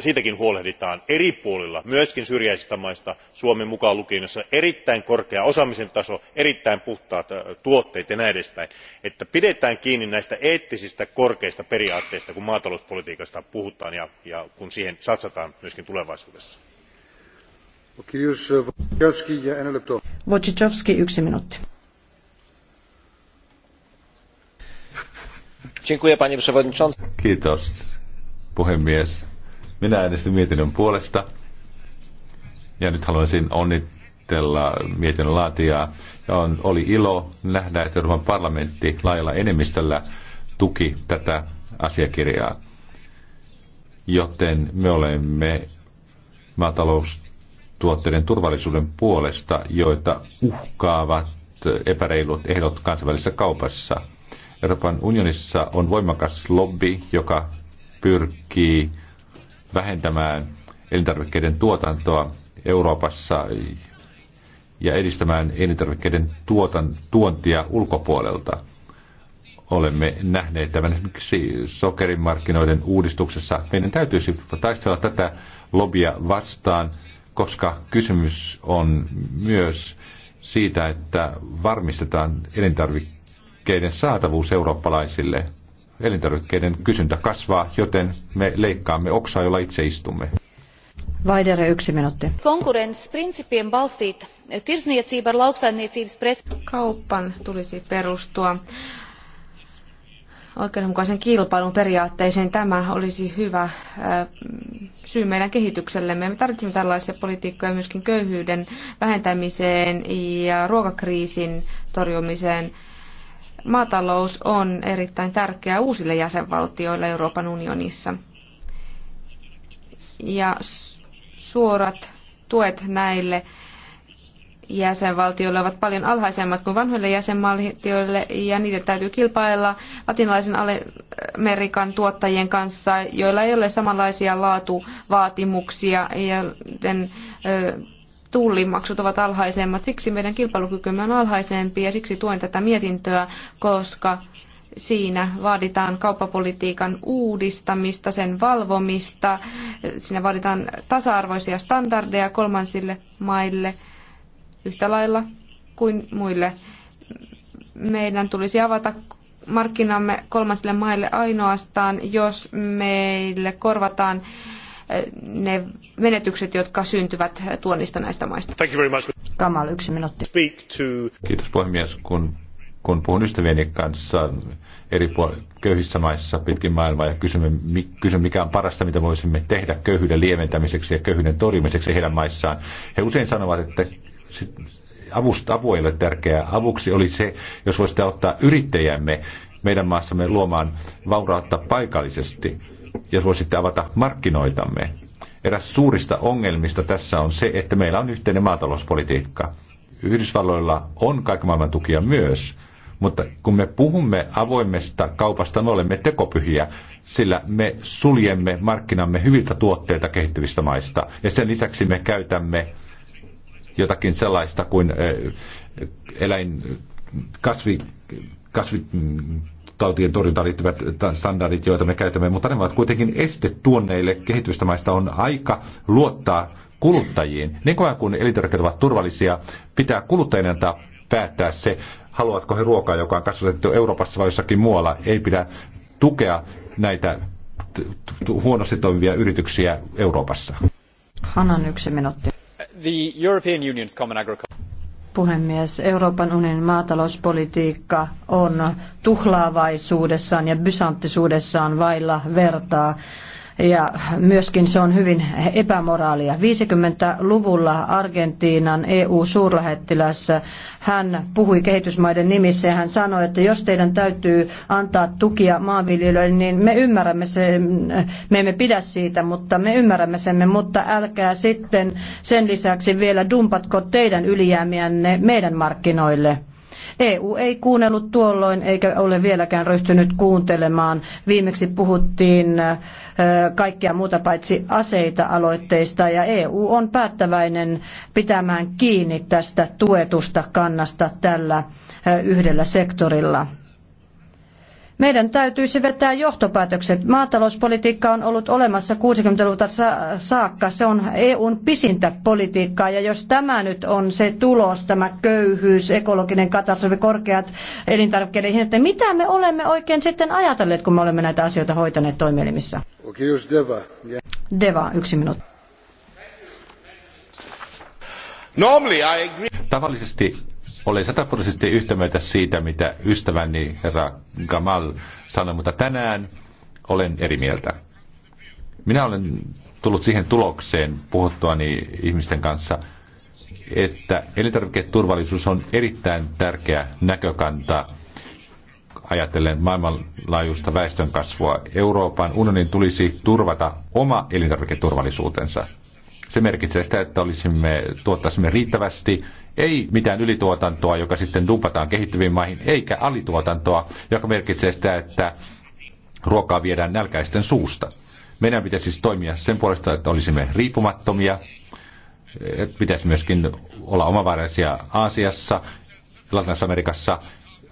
siitäkin huolehditaan eri puolilla myös syrjäisistä maista suomi mukaan lukien joissa on erittäin korkea osaamisen taso erittäin puhtaat tuotteet ja näin edespäin että pidetään kiinni näistä eettisistä korkeista periaatteista kun maatalouspolitiikasta puhutaan ja kun siihen satsataan myös tulevaisuudessa. Wojciechowski, Kiitos, puhemies minä äänestin mietinnön puolesta. Ja nyt haluaisin onnitella mietinnön laatijaa. Ja on, oli ilo nähdä, että Euroopan parlamentti laajalla enemmistöllä tuki tätä asiakirjaa. Joten me olemme maataloustuotteiden turvallisuuden puolesta, joita uhkaavat epäreilut ehdot kansainvälisessä kaupassa. Euroopan unionissa on voimakas lobby, joka pyrkii vähentämään elintarvikkeiden tuotantoa Euroopassa ja edistämään elintarvikkeiden tuotan, tuontia ulkopuolelta. Olemme nähneet tämän esimerkiksi sokerimarkkinoiden uudistuksessa. Meidän täytyisi taistella tätä lobia vastaan, koska kysymys on myös siitä, että varmistetaan elintarvikkeiden saatavuus eurooppalaisille – elintarvikkeiden kysyntä kasvaa, joten me leikkaamme oksaa, jolla itse istumme. Vaidere yksi minuutti. Konkurenssprinsipien prinsippien balstit tirsnietsība pret... Kauppan tulisi perustua oikeudenmukaisen kilpailun periaatteeseen tämä olisi hyvä äh, syy meidän kehityksellemme. Me tarvitsemme tällaisia politiikkoja myöskin köyhyyden vähentämiseen ja ruokakriisin torjumiseen maatalous on erittäin tärkeää uusille jäsenvaltioille Euroopan unionissa. Ja suorat tuet näille jäsenvaltioille ovat paljon alhaisemmat kuin vanhoille jäsenvaltioille ja niiden täytyy kilpailla latinalaisen Amerikan tuottajien kanssa, joilla ei ole samanlaisia laatuvaatimuksia, joiden tullimaksut ovat alhaisemmat. Siksi meidän kilpailukykymme on alhaisempi ja siksi tuen tätä mietintöä, koska siinä vaaditaan kauppapolitiikan uudistamista, sen valvomista, siinä vaaditaan tasa-arvoisia standardeja kolmansille maille yhtä lailla kuin muille. Meidän tulisi avata markkinamme kolmansille maille ainoastaan, jos meille korvataan ne menetykset, jotka syntyvät tuonnista näistä maista. Thank you very much. Kamal, yksi minuutti. Speak to... Kiitos puhemies, kun, kun puhun ystävieni kanssa eri puol- köyhissä maissa pitkin maailmaa ja kysymme, mi- kysyn, mikä on parasta, mitä voisimme tehdä köyhyyden lieventämiseksi ja köyhyyden torjumiseksi heidän maissaan. He usein sanovat, että avusta, apu ei ole tärkeää. Avuksi oli se, jos voisitte auttaa yrittäjämme meidän maassamme luomaan vaurautta paikallisesti jos voisitte avata markkinoitamme. Eräs suurista ongelmista tässä on se, että meillä on yhteinen maatalouspolitiikka. Yhdysvalloilla on kaiken maailman tukia myös, mutta kun me puhumme avoimesta kaupasta, me olemme tekopyhiä, sillä me suljemme markkinamme hyviltä tuotteita kehittyvistä maista. Ja sen lisäksi me käytämme jotakin sellaista kuin eh, eläin, kasvi, kasvi, tautien torjuntaan liittyvät standardit, joita me käytämme, mutta ne ovat kuitenkin este tuonneille kehitystä maista on aika luottaa kuluttajiin. Niin kuin kun elintarvikkeet ovat turvallisia, pitää kuluttajien antaa päättää se, haluatko he ruokaa, joka on kasvatettu Euroopassa vai jossakin muualla. Ei pidä tukea näitä huonosti toimivia yrityksiä Euroopassa. Hanan yksi minuutti. The European Union's common agriculture puhemies. Euroopan unionin maatalouspolitiikka on tuhlaavaisuudessaan ja bysanttisuudessaan vailla vertaa ja myöskin se on hyvin epämoraalia. 50-luvulla Argentiinan EU-suurlähettiläs, hän puhui kehitysmaiden nimissä ja hän sanoi, että jos teidän täytyy antaa tukia maanviljelijöille, niin me ymmärrämme sen, me emme pidä siitä, mutta me ymmärrämme sen, mutta älkää sitten sen lisäksi vielä dumpatko teidän ylijäämiänne meidän markkinoille. EU ei kuunnellut tuolloin eikä ole vieläkään ryhtynyt kuuntelemaan. Viimeksi puhuttiin kaikkea muuta paitsi aseita aloitteista ja EU on päättäväinen pitämään kiinni tästä tuetusta kannasta tällä yhdellä sektorilla. Meidän täytyisi vetää johtopäätökset. Maatalouspolitiikka on ollut olemassa 60-luvulta saakka. Se on EUn pisintä politiikkaa ja jos tämä nyt on se tulos, tämä köyhyys, ekologinen katastrofi, korkeat elintarvikkeiden hinnat, niin mitä me olemme oikein sitten ajatelleet, kun me olemme näitä asioita hoitaneet toimielimissä? Deva. Deva, yksi minuutti. Tavallisesti olen sataprosenttisesti yhtä mieltä siitä, mitä ystäväni herra Gamal sanoi, mutta tänään olen eri mieltä. Minä olen tullut siihen tulokseen puhuttuani ihmisten kanssa, että elintarviketurvallisuus on erittäin tärkeä näkökanta ajatellen maailmanlaajuista väestönkasvua. Euroopan unionin tulisi turvata oma elintarviketurvallisuutensa. Se merkitsee sitä, että olisimme, tuottaisimme riittävästi ei mitään ylituotantoa, joka sitten dumpataan kehittyviin maihin, eikä alituotantoa, joka merkitsee sitä, että ruokaa viedään nälkäisten suusta. Meidän pitäisi siis toimia sen puolesta, että olisimme riippumattomia, pitäisi myöskin olla omavaraisia Aasiassa, Latinassa Amerikassa,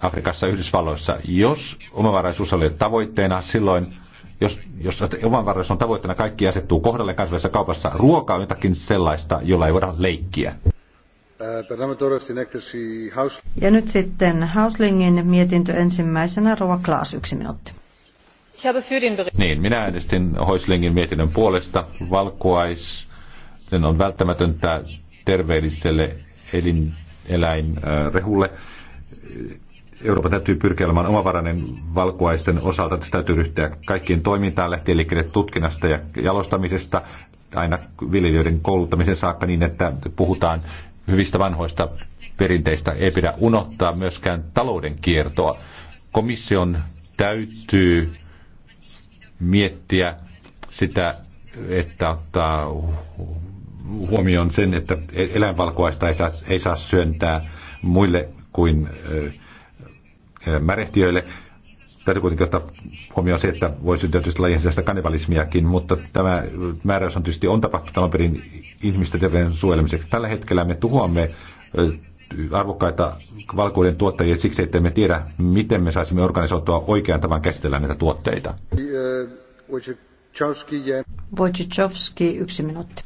Afrikassa ja Yhdysvalloissa. Jos omavaraisuus oli tavoitteena, silloin jos, jos omavaraisuus on tavoitteena, kaikki asettuu kohdalle kansainvälisessä kaupassa. Ruoka on jotakin sellaista, jolla ei voida leikkiä. Ja nyt sitten Hauslingin mietintö ensimmäisenä. Rova Klaas, yksi minuutti. Niin, minä äänestin Hauslingin mietinnön puolesta. Valkuais sen on välttämätöntä terveelliselle elin, Euroopan täytyy pyrkiä olemaan omavarainen valkuaisten osalta. Tästä täytyy ryhtyä kaikkiin toimintaan lähtien liikkeelle tutkinnasta ja jalostamisesta aina viljelijöiden kouluttamiseen saakka niin, että puhutaan hyvistä vanhoista perinteistä. Ei pidä unohtaa myöskään talouden kiertoa. Komission täytyy miettiä sitä, että ottaa huomioon sen, että eläinvalkuaista ei saa, ei saa syöntää muille kuin märehtiöille. Täytyy kuitenkin ottaa huomioon se, että voisi tietysti lajien sisäistä kannibalismiakin, mutta tämä määräys on tietysti on tapahtunut alun perin ihmisten terveyden suojelemiseksi. Tällä hetkellä me tuhoamme arvokkaita valkuuden tuottajia siksi, että me tiedä, miten me saisimme organisoitua oikean tavan käsitellä näitä tuotteita. Wojciechowski, yksi minuutti.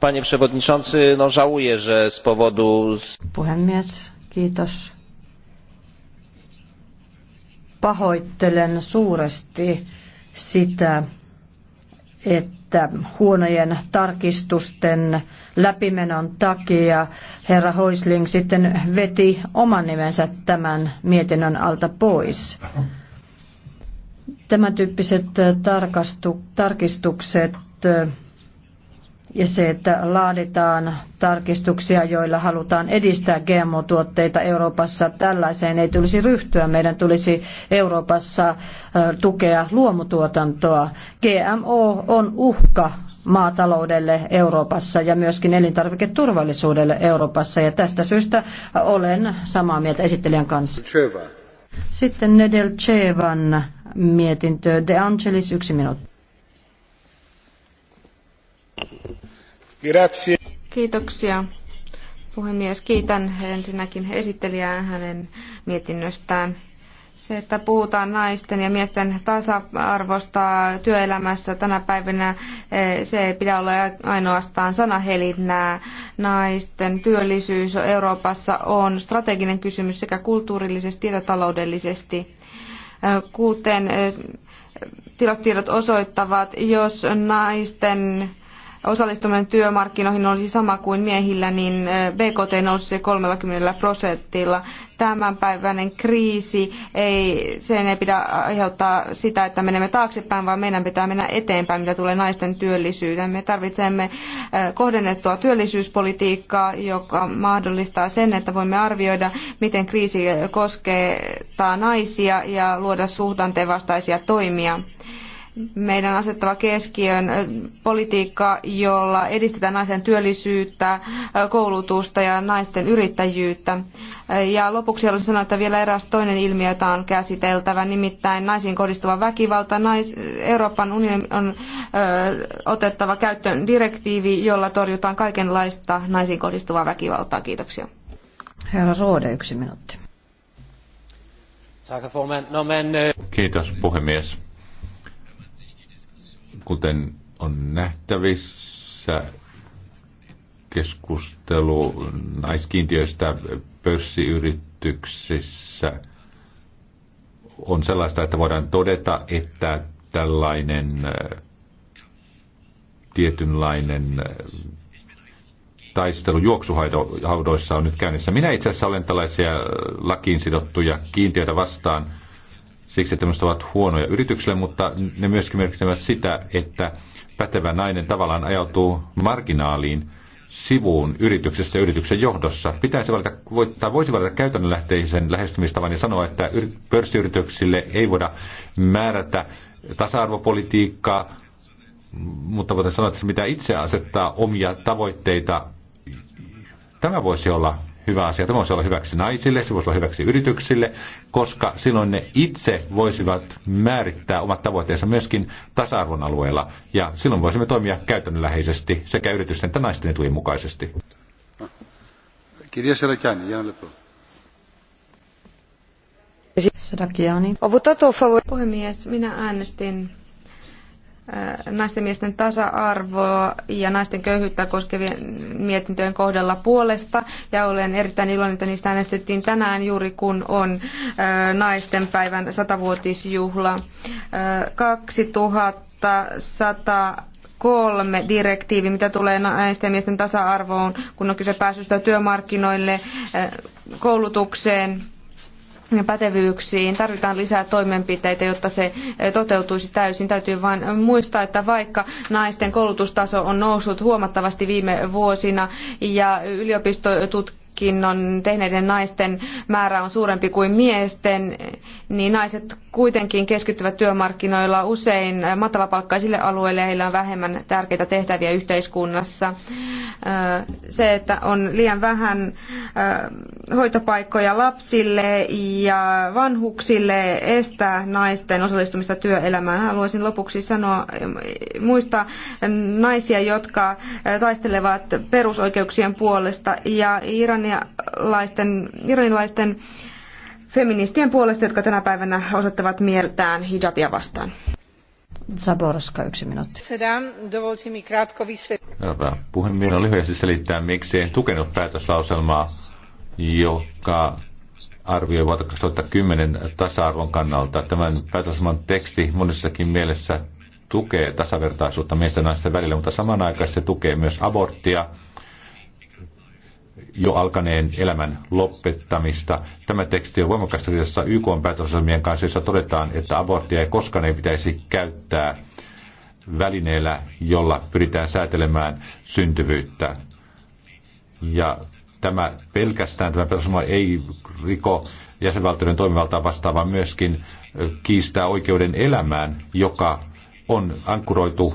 Panie przewodniczący, no żałuję, że z powodu... Puhemies, kiitos pahoittelen suuresti sitä, että huonojen tarkistusten läpimenon takia herra Hoisling sitten veti oman nimensä tämän mietinnön alta pois. Tämän tyyppiset tarkastukset ja se, että laaditaan tarkistuksia, joilla halutaan edistää GMO-tuotteita Euroopassa. Tällaiseen ei tulisi ryhtyä. Meidän tulisi Euroopassa tukea luomutuotantoa. GMO on uhka maataloudelle Euroopassa ja myöskin elintarviketurvallisuudelle Euroopassa. Ja tästä syystä olen samaa mieltä esittelijän kanssa. Sitten Nedelchevan mietintö. De Angelis, yksi minuutti. Grazie. Kiitoksia puhemies. Kiitän ensinnäkin esittelijää hänen mietinnöstään. Se, että puhutaan naisten ja miesten tasa-arvosta työelämässä tänä päivänä, eh, se ei pidä olla ainoastaan sanahelinnää. Naisten työllisyys Euroopassa on strateginen kysymys sekä kulttuurillisesti että taloudellisesti. Eh, kuten eh, tilastiedot osoittavat, jos naisten osallistuminen työmarkkinoihin olisi sama kuin miehillä, niin BKT nousisi 30 prosentilla. Tämänpäiväinen kriisi, ei, sen ei pidä aiheuttaa sitä, että menemme taaksepäin, vaan meidän pitää mennä eteenpäin, mitä tulee naisten työllisyyteen. Me tarvitsemme eh, kohdennettua työllisyyspolitiikkaa, joka mahdollistaa sen, että voimme arvioida, miten kriisi koskee naisia ja luoda suhdanteen vastaisia toimia meidän asettava keskiön politiikka, jolla edistetään naisen työllisyyttä, koulutusta ja naisten yrittäjyyttä. Ja lopuksi haluan sanoa, että vielä eräs toinen ilmiö, jota on käsiteltävä, nimittäin naisiin kohdistuva väkivalta. Nais, Euroopan unionin on ö, otettava käyttöön direktiivi, jolla torjutaan kaikenlaista naisiin kohdistuvaa väkivaltaa. Kiitoksia. Herra Roode, yksi minuutti. No, Kiitos puhemies Kuten on nähtävissä, keskustelu naiskiintiöistä pörssiyrityksissä on sellaista, että voidaan todeta, että tällainen äh, tietynlainen äh, taistelu juoksuhaudoissa on nyt käynnissä. Minä itse asiassa olen tällaisia äh, lakiin sidottuja kiintiöitä vastaan – siksi, että tämmöiset ovat huonoja yrityksille, mutta ne myöskin merkitsevät sitä, että pätevä nainen tavallaan ajautuu marginaaliin sivuun yrityksessä ja yrityksen johdossa. Pitäisi valita, tai voisi valita käytännönlähteisen lähestymistavan ja sanoa, että pörssiyrityksille ei voida määrätä tasa-arvopolitiikkaa, mutta voitaisiin sanoa, että se mitä itse asettaa omia tavoitteita, tämä voisi olla hyvä asia. Tämä voisi olla hyväksi naisille, se voisi olla hyväksi yrityksille, koska silloin ne itse voisivat määrittää omat tavoitteensa myöskin tasa-arvon alueella. Ja silloin voisimme toimia käytännönläheisesti sekä yritysten että naisten etujen mukaisesti. Kirja Σερακιάνη, Puhemies, minä äänestin naisten miesten tasa-arvoa ja naisten köyhyyttä koskevien mietintöjen kohdalla puolesta. Ja olen erittäin iloinen, että niistä äänestettiin tänään juuri kun on naisten päivän satavuotisjuhla. 2100 kolme direktiivi, mitä tulee naisten ja miesten tasa-arvoon, kun on kyse pääsystä työmarkkinoille, koulutukseen, pätevyyksiin, tarvitaan lisää toimenpiteitä, jotta se toteutuisi täysin. Täytyy vain muistaa, että vaikka naisten koulutustaso on noussut huomattavasti viime vuosina ja yliopistotutkimus tehneiden naisten määrä on suurempi kuin miesten, niin naiset kuitenkin keskittyvät työmarkkinoilla usein matalapalkkaisille alueille ja heillä on vähemmän tärkeitä tehtäviä yhteiskunnassa. Se, että on liian vähän hoitopaikkoja lapsille ja vanhuksille estää naisten osallistumista työelämään. Haluaisin lopuksi sanoa muista naisia, jotka taistelevat perusoikeuksien puolesta ja iranilaisten, iranilaisten feministien puolesta, jotka tänä päivänä osoittavat mieltään hijabia vastaan. Zaborska, yksi minuutti. Hyvä puhemies, on lyhyesti selittää, miksi en tukenut päätöslauselmaa, joka arvioi vuotta 2010 tasa-arvon kannalta. Tämän päätöslauselman teksti monessakin mielessä tukee tasavertaisuutta miesten ja naisten välillä, mutta samanaikaisesti se tukee myös aborttia – jo alkaneen elämän lopettamista. Tämä teksti on voimakkaasti riidassa YK päätösosamien kanssa, jossa todetaan, että aborttia ei koskaan ei pitäisi käyttää välineellä, jolla pyritään säätelemään syntyvyyttä. Ja tämä pelkästään tämä perusoma ei riko jäsenvaltioiden toimivaltaa vastaavaa myöskin kiistää oikeuden elämään, joka on ankkuroitu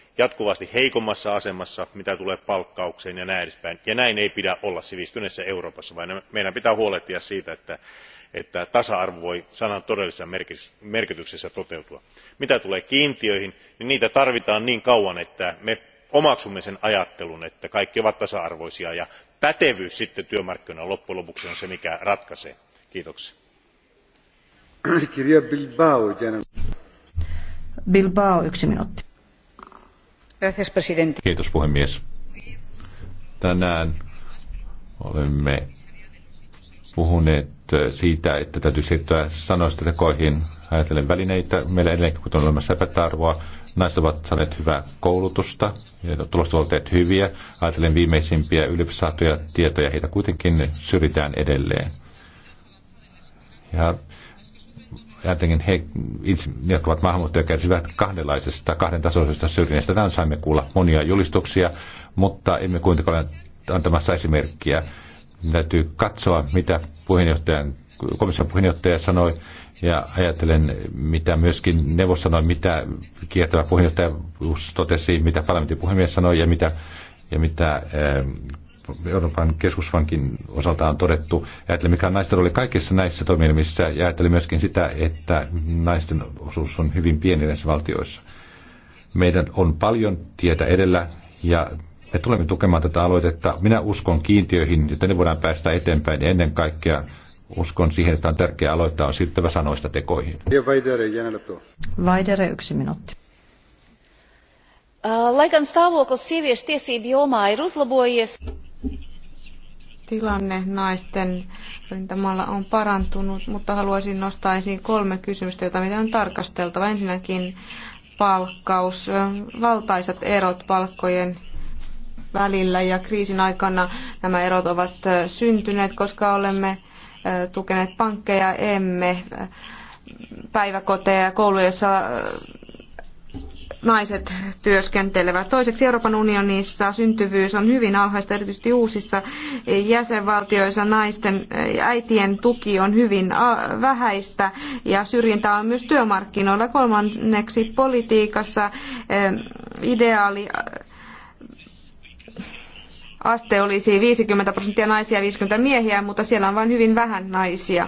jatkuvasti heikommassa asemassa mitä tulee palkkaukseen ja näin edespäin ja näin ei pidä olla sivistyneessä euroopassa vaan meidän pitää huolehtia siitä että tasa arvo voi sanan todellisessa merkityksessä toteutua. mitä tulee kiintiöihin niin niitä tarvitaan niin kauan että me omaksumme sen ajattelun että kaikki ovat tasa arvoisia ja pätevyys sitten työmarkkinoilla loppujen lopuksi on se mikä ratkaisee. kiitoksia. Bilbao, yksi minuutti. Kiitos puhemies. Tänään olemme puhuneet siitä, että täytyy siirtyä sanoista tekoihin ajatellen välineitä. Meillä edelleenkin, kun on olemassa epätarvoa, naiset ovat saaneet hyvää koulutusta ja tulosta ovat olleet hyviä. Ajatellen viimeisimpiä yliopistosaatuja tietoja, heitä kuitenkin syrjitään edelleen. Ja jotenkin he, ne, jotka ovat maahanmuuttajia, kärsivät kahdenlaisesta, kahden tasoisesta syrjinnästä. Tänään saimme kuulla monia julistuksia, mutta emme kuitenkaan ole antamassa esimerkkiä. Täytyy katsoa, mitä puheenjohtajan, komission puheenjohtaja sanoi, ja ajattelen, mitä myöskin neuvos sanoi, mitä kiertävä puheenjohtaja totesi, mitä parlamentin puhemies sanoi ja mitä, ja mitä Euroopan keskuspankin osalta on todettu. Ajattelin, mikä on naisten rooli kaikissa näissä toimielimissä ja ajattelin myöskin sitä, että naisten osuus on hyvin pieni näissä valtioissa. Meidän on paljon tietä edellä ja me tulemme tukemaan tätä aloitetta. Minä uskon kiintiöihin, että ne voidaan päästä eteenpäin ja ennen kaikkea uskon siihen, että on tärkeää aloittaa on siirtyvä sanoista tekoihin. Vaidere, yksi minuutti. Lai gan stāvoklis sieviešu tiesību jomā ir uzlabojies tilanne naisten rintamalla on parantunut, mutta haluaisin nostaa esiin kolme kysymystä, joita meidän on tarkasteltava. Ensinnäkin palkkaus, valtaisat erot palkkojen välillä ja kriisin aikana nämä erot ovat syntyneet, koska olemme tukeneet pankkeja, emme päiväkoteja ja kouluja, joissa naiset työskentelevät. Toiseksi Euroopan unionissa syntyvyys on hyvin alhaista, erityisesti uusissa jäsenvaltioissa naisten äh, äitien tuki on hyvin äh, vähäistä ja syrjintää on myös työmarkkinoilla. Kolmanneksi politiikassa äh, ideaali aste olisi 50 prosenttia naisia ja 50 miehiä, mutta siellä on vain hyvin vähän naisia.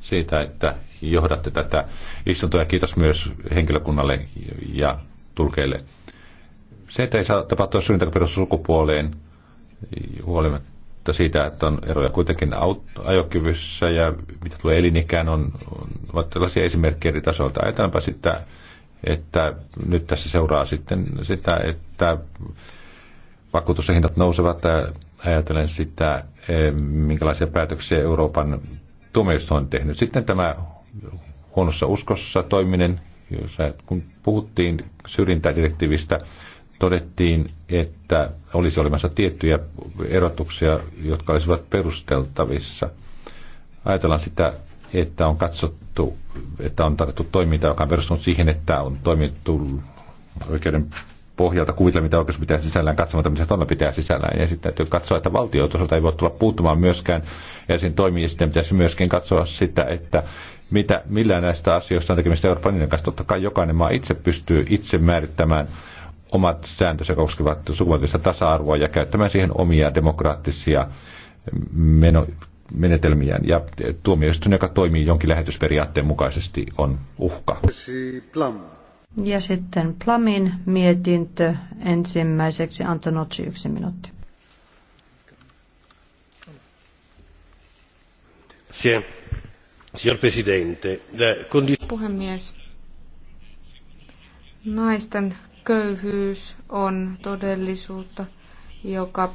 siitä, että johdatte tätä istuntoa. Kiitos myös henkilökunnalle ja tulkeille. Se, että ei saa tapahtua synnytä sukupuoleen huolimatta siitä, että on eroja kuitenkin ajokyvyssä ja mitä tulee elinikään, on, ovat tällaisia esimerkkejä eri tasoilta. Ajatellaanpa sitä, että nyt tässä seuraa sitten sitä, että vakuutushinnat nousevat ja ajatellen sitä, eh, minkälaisia päätöksiä Euroopan tuomioista on tehnyt. Sitten tämä huonossa uskossa toiminen, jossa, kun puhuttiin syrjintädirektiivistä, todettiin, että olisi olemassa tiettyjä erotuksia, jotka olisivat perusteltavissa. Ajatellaan sitä, että on katsottu, että on tarjottu toimintaa, joka on perustunut siihen, että on toimittu oikeuden pohjalta kuvitella, mitä oikeus pitää sisällään, katsomatta, mitä tuolla pitää sisällään. Ja sitten täytyy katsoa, että valtio ei voi tulla puuttumaan myöskään, ja sen toimii sitten pitäisi myöskin katsoa sitä, että mitä, millään näistä asioista on tekemistä Euroopan unionin kanssa. Totta kai jokainen maa itse pystyy itse määrittämään omat sääntönsä koskevat sukupuolista tasa-arvoa ja käyttämään siihen omia demokraattisia meno, menetelmiään. Ja tuomioistuin, joka toimii jonkin lähetysperiaatteen mukaisesti, on uhka. Ja sitten Plamin mietintö ensimmäiseksi Antonocci yksi minuutti. Signor Presidente, puhemies. Naisten köyhyys on todellisuutta joka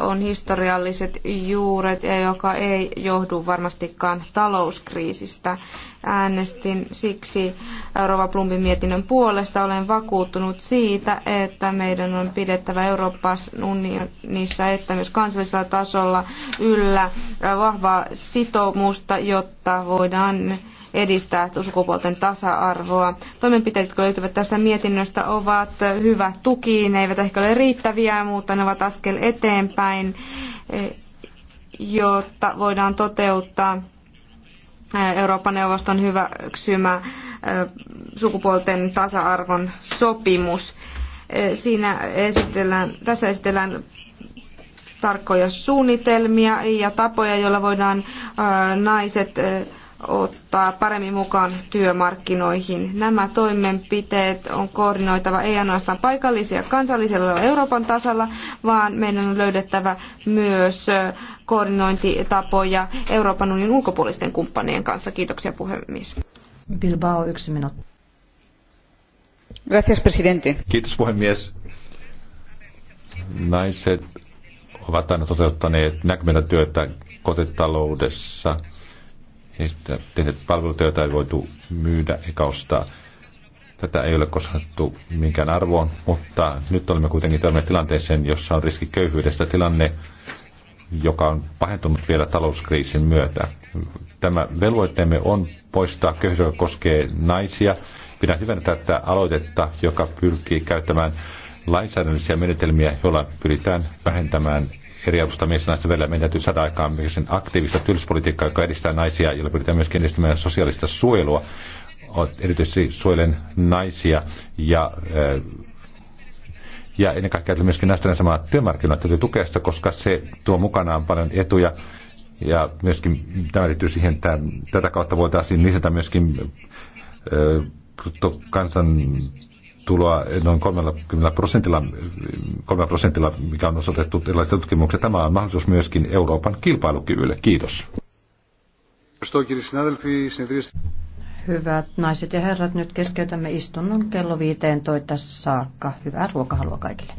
on historialliset juuret ja joka ei johdu varmastikaan talouskriisistä. Äänestin siksi Euroopan Plumbin mietinnön puolesta. Olen vakuuttunut siitä, että meidän on pidettävä Euroopan unionissa, että myös kansallisella tasolla yllä vahvaa sitoumusta, jotta voidaan edistää sukupuolten tasa-arvoa. Toimenpiteet, jotka löytyvät tästä mietinnöstä, ovat hyvä tuki. Ne eivät ehkä ole riittäviä, mutta ne ovat askel eteenpäin, jotta voidaan toteuttaa Euroopan neuvoston hyväksymä sukupuolten tasa-arvon sopimus. E, siinä esitellään, tässä esitellään tarkkoja suunnitelmia ja tapoja, joilla voidaan naiset ottaa paremmin mukaan työmarkkinoihin. Nämä toimenpiteet on koordinoitava ei ainoastaan paikallisia kansallisella ja Euroopan tasalla, vaan meidän on löydettävä myös koordinointitapoja Euroopan unionin ulkopuolisten kumppanien kanssa. Kiitoksia puhemies. Bilbao, yksi minuutti. Gracias, presidente. Kiitos puhemies. Naiset ovat aina toteuttaneet näkymätöntä työtä kotitaloudessa – heistä tehdyt palvelut, joita ei voitu myydä eikä ostaa. Tätä ei ole koskettu minkään arvoon, mutta nyt olemme kuitenkin törmänneet tilanteeseen, jossa on riski köyhyydestä tilanne, joka on pahentunut vielä talouskriisin myötä. Tämä velvoitteemme on poistaa köyhyys, joka koskee naisia. Pidän hyvänä tätä aloitetta, joka pyrkii käyttämään lainsäädännöllisiä menetelmiä, joilla pyritään vähentämään eri avusta mies naisten välillä. Meidän täytyy saada aikaan myöskin aktiivista tylspolitiikkaa, joka edistää naisia, jolla pyritään myöskin edistämään sosiaalista suojelua. Erityisesti suojelen naisia ja äh, ja ennen kaikkea että myöskin naisten samaa työmarkkinoita täytyy tukea sitä, koska se tuo mukanaan paljon etuja. Ja myöskin tämä liittyy siihen, että tätä kautta voitaisiin lisätä myöskin äh, kansan tuloa noin 30 prosentilla, 3 prosentilla, mikä on osoitettu erilaisissa tutkimuksissa. Tämä on mahdollisuus myöskin Euroopan kilpailukyvylle. Kiitos. Hyvät naiset ja herrat, nyt keskeytämme istunnon kello 15 saakka. Hyvää ruokahalua kaikille.